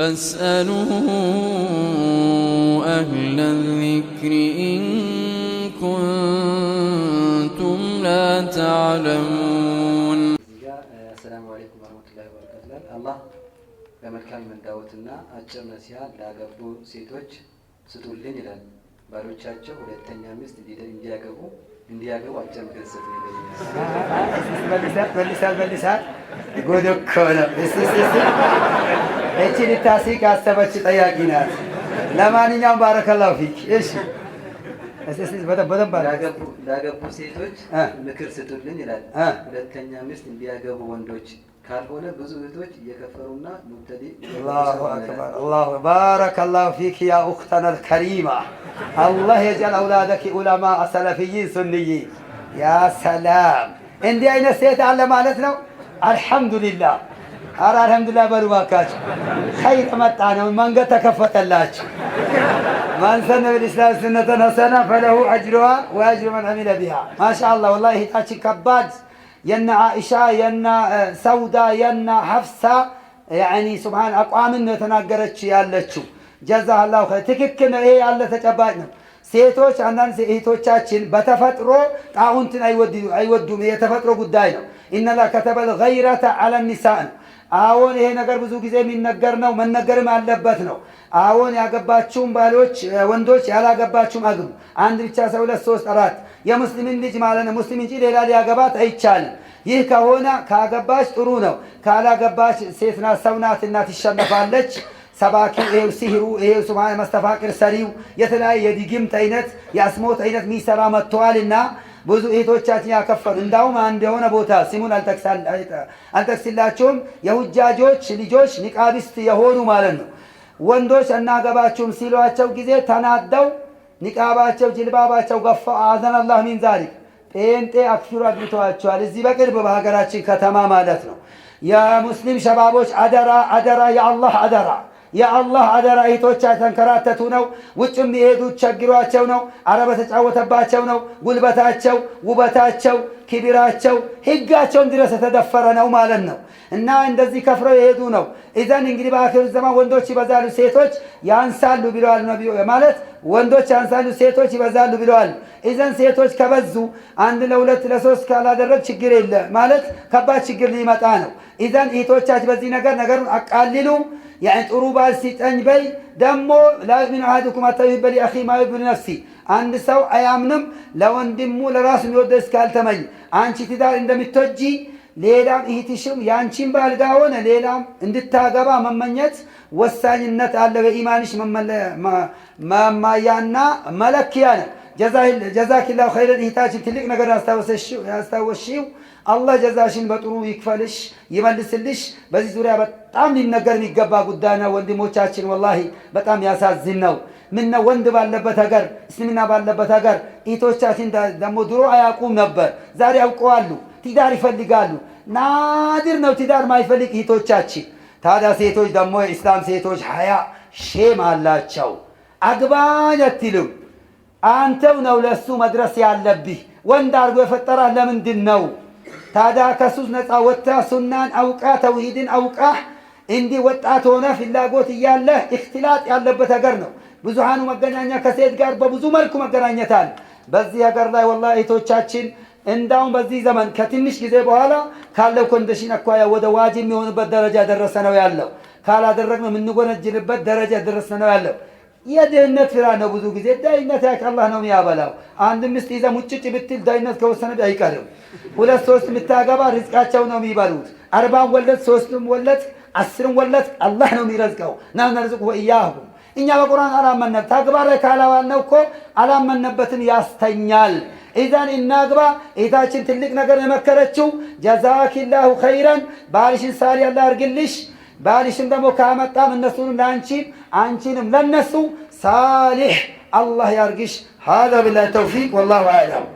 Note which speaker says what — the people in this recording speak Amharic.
Speaker 1: فاسألوا أهل الذكر إن كنتم لا تعلمون
Speaker 2: السلام عليكم ورحمة الله وبركاته الله በመልካም መንዳወትና አጭር ነሲሃ ላገቡ ሴቶች ስጡልን ይላል። ባሎቻቸው ሁለተኛ ሚስት እንዲያገቡ እንዲያገቡ አጭር ምክር ስጥ
Speaker 3: ይገኛል። መልሳት ጎዶኮ ነው እቺ ልታስቅ አሰበች ጠያቂ ናት። ለማንኛውም ባረከላው ፊክ። እሺ
Speaker 2: ላገቡ ሴቶች ምክር ስጡልኝ ይላል። ሁለተኛ ሚስት እንዲያገቡ ወንዶች ካልሆነ ብዙ እህቶች እየከፈሩና ሙብተዲ።
Speaker 3: ባረከላሁ ፊክ ያ ኡክተነል ከሪማ አላህ የጃል አውላደኪ ኡለማ ሰለፍይ ሱንይ። ያ ሰላም! እንዲህ አይነት ሴት አለ ማለት ነው። አልሐምዱሊላህ አረ አልሐምዱሊላህ በሉ እባካችሁ። ኸይጥ መጣ ነው መንገድ ተከፈተላችሁ። ማን ሰነ ቢልኢስላም ሱነተን ሐሰና ፈለሁ አጅሩሃ ወአጅሩ መን አሚለ ቢሃ። ማሻአላህ ወላሂ ሂታችን ከባድ የነ አኢሻ የነ ሰውዳ የነ ሐፍሳ ያኒ ሱብሃን አቋምን ነው የተናገረች ያለችው። ጀዛላሁ ኸይር። ትክክል ነው። ይሄ ያለ ተጨባጭ ነው። ሴቶች አንዳንድ እህቶቻችን በተፈጥሮ ጣውንትን አይወዱም። የተፈጥሮ ጉዳይ ነው። ኢነላ ከተበል ገይረተ አለ ኒሳእ አዎን ይሄ ነገር ብዙ ጊዜ የሚነገር ነው፣ መነገርም አለበት ነው። አዎን ያገባችሁም ባሎች ወንዶች፣ ያላገባችሁም አግቡ። አንድ ብቻ ሰው ሁለት፣ ሶስት፣ አራት የሙስሊምን ልጅ ማለት ነው። ሙስሊም እንጂ ሌላ ሊያገባት አይቻልም። ይህ ከሆነ ካገባች ጥሩ ነው፣ ካላገባች ሴት ናት፣ ሰው ናት እና ትሸነፋለች። ሰባኪ ይሄው ሲህሩ ይሄው ሱብሃነ መስተፋቅር ሰሪው የተለያየ የድግምት አይነት የአስሞት አይነት የሚሰራ መጥተዋልና ብዙ እህቶቻችን ያከፈሉ። እንዳውም አንድ የሆነ ቦታ ስሙን አልጠቅስላቸውም የሁጃጆች ልጆች ኒቃቢስት የሆኑ ማለት ነው ወንዶች እናገባችሁም ሲሏቸው ጊዜ ተናደው ኒቃባቸው ጅልባባቸው ገፋ አዘን ሚን ዛሊክ ጴንጤ አክፊሩ አግብተዋቸዋል። እዚህ በቅርብ በሀገራችን ከተማ ማለት ነው። የሙስሊም ሸባቦች አደራ አደራ፣ የአላህ አደራ የአላህ አደራ እህቶች የተንከራተቱ ነው። ውጭም የሄዱ ቸግሯቸው ነው። አረብ የተጫወተባቸው ነው። ጉልበታቸው፣ ውበታቸው፣ ኪቢራቸው ህጋቸውን ድረስ የተደፈረ ነው ማለት ነው እና እንደዚህ ከፍረው የሄዱ ነው። ኢዘን እንግዲህ በአኪሩ ዘማን ወንዶች ይበዛሉ፣ ሴቶች ያንሳሉ ብለዋል ነቢዩ ማለት ወንዶች ያንሳሉ፣ ሴቶች ይበዛሉ ብለዋል። ኢዘን ሴቶች ከበዙ አንድ ለሁለት ለሶስት ካላደረግ ችግር የለ ማለት ከባድ ችግር ሊመጣ ነው። ኢዘን እህቶቻች በዚህ ነገር ነገሩን አቃልሉ። ጥሩ ባል ሲጠኝ በይ ደግሞ ላዩእሚኑ አሐዱኩም ሐታ ዩሒበ ሊአኺሂ ማ ዩሕቡ ሊነፍሲሂ አንድ ሰው አያምንም ለወንድሙ ለራሱ የሚወደ እስካልተመኝ አንቺ ትዳር እንደምትወጂ ሌላም እህትሽም የአንቺን ባል ሆነ ሌላም እንድታገባ መመኘት ወሳኝነት አለ። በኢማንሽ መመያና መለኪያ ነው። ጀዛኪላሁ ኸይረን እህታችን ትልቅ ነገር ያስታወስሽው፣ አላህ ጀዛሽን በጥሩ ይክፈልሽ ይመልስልሽ። በዚህ ዙሪያ በጣም ሊነገር የሚገባ ጉዳይ ነው ወንድሞቻችን፣ ወላሂ በጣም ያሳዝን ነው። ምነው ወንድ ባለበት ሀገር፣ እስልምና ባለበት ሀገር እህቶቻችን ደግሞ ድሮ አያውቁም ነበር፣ ዛሬ ያውቀዋሉ። ትዳር ይፈልጋሉ። ናድር ነው ትዳር ማይፈልግ እህቶቻችን። ታዲያ ሴቶች ደግሞ የኢስላም ሴቶች ሀያ ሼም አላቸው። አግባኝ አትልም አንተው ነው ለእሱ መድረስ ያለብህ። ወንድ አድርጎ የፈጠረህ ለምንድን ነው ታዲያ? ከሱስ ነፃ ወጥተህ ሱናን አውቃ ተውሂድን አውቃ እንዲህ ወጣት ሆነ ፍላጎት እያለህ እክትላጥ ያለበት ሀገር ነው። ብዙሃኑ መገናኛ ከሴት ጋር በብዙ መልኩ መገናኘታል። በዚህ ሀገር ላይ ወላሂ እህቶቻችን እንዳውም በዚህ ዘመን ከትንሽ ጊዜ በኋላ ካለው ኮንዲሽን አኳያ ወደ ዋጅ የሚሆንበት ደረጃ ደረሰ ነው ያለው። ካላደረግነው የምንጎነጅንበት ደረጃ ደረሰ ነው ያለው። የድህነት ፍራ ነው። ብዙ ጊዜ ዳይነት ያካላህ ነው የሚያበላው። አንድ ሚስት ይዘ ሙጭጭ ብትል ዳይነት ከወሰነ አይቀርም። ሁለት ሶስት የምታገባ ርዝቃቸው ነው የሚበሉት። አርባን ወለት፣ ሶስትም ወለት፣ አስርም ወለት አላህ ነው የሚረዝቀው። ናና ርዝቅ ወእያሁም እኛ በቁርአን አላመነት ታግባረ ካላዋል ነው እኮ አላመነበትን ያስተኛል። ኢዛን እናግባ ኢታችን ትልቅ ነገር የመከረችው ጀዛኪላሁ ኸይረን ባልሽን ሳሊ አላህ አርግልሽ ባልሽም ደግሞ ካመጣም እነሱንም ለአንቺም አንቺንም ለነሱ ሳሊሕ አላህ ያርግሽ። هذا بالله التوفيق والله أعلم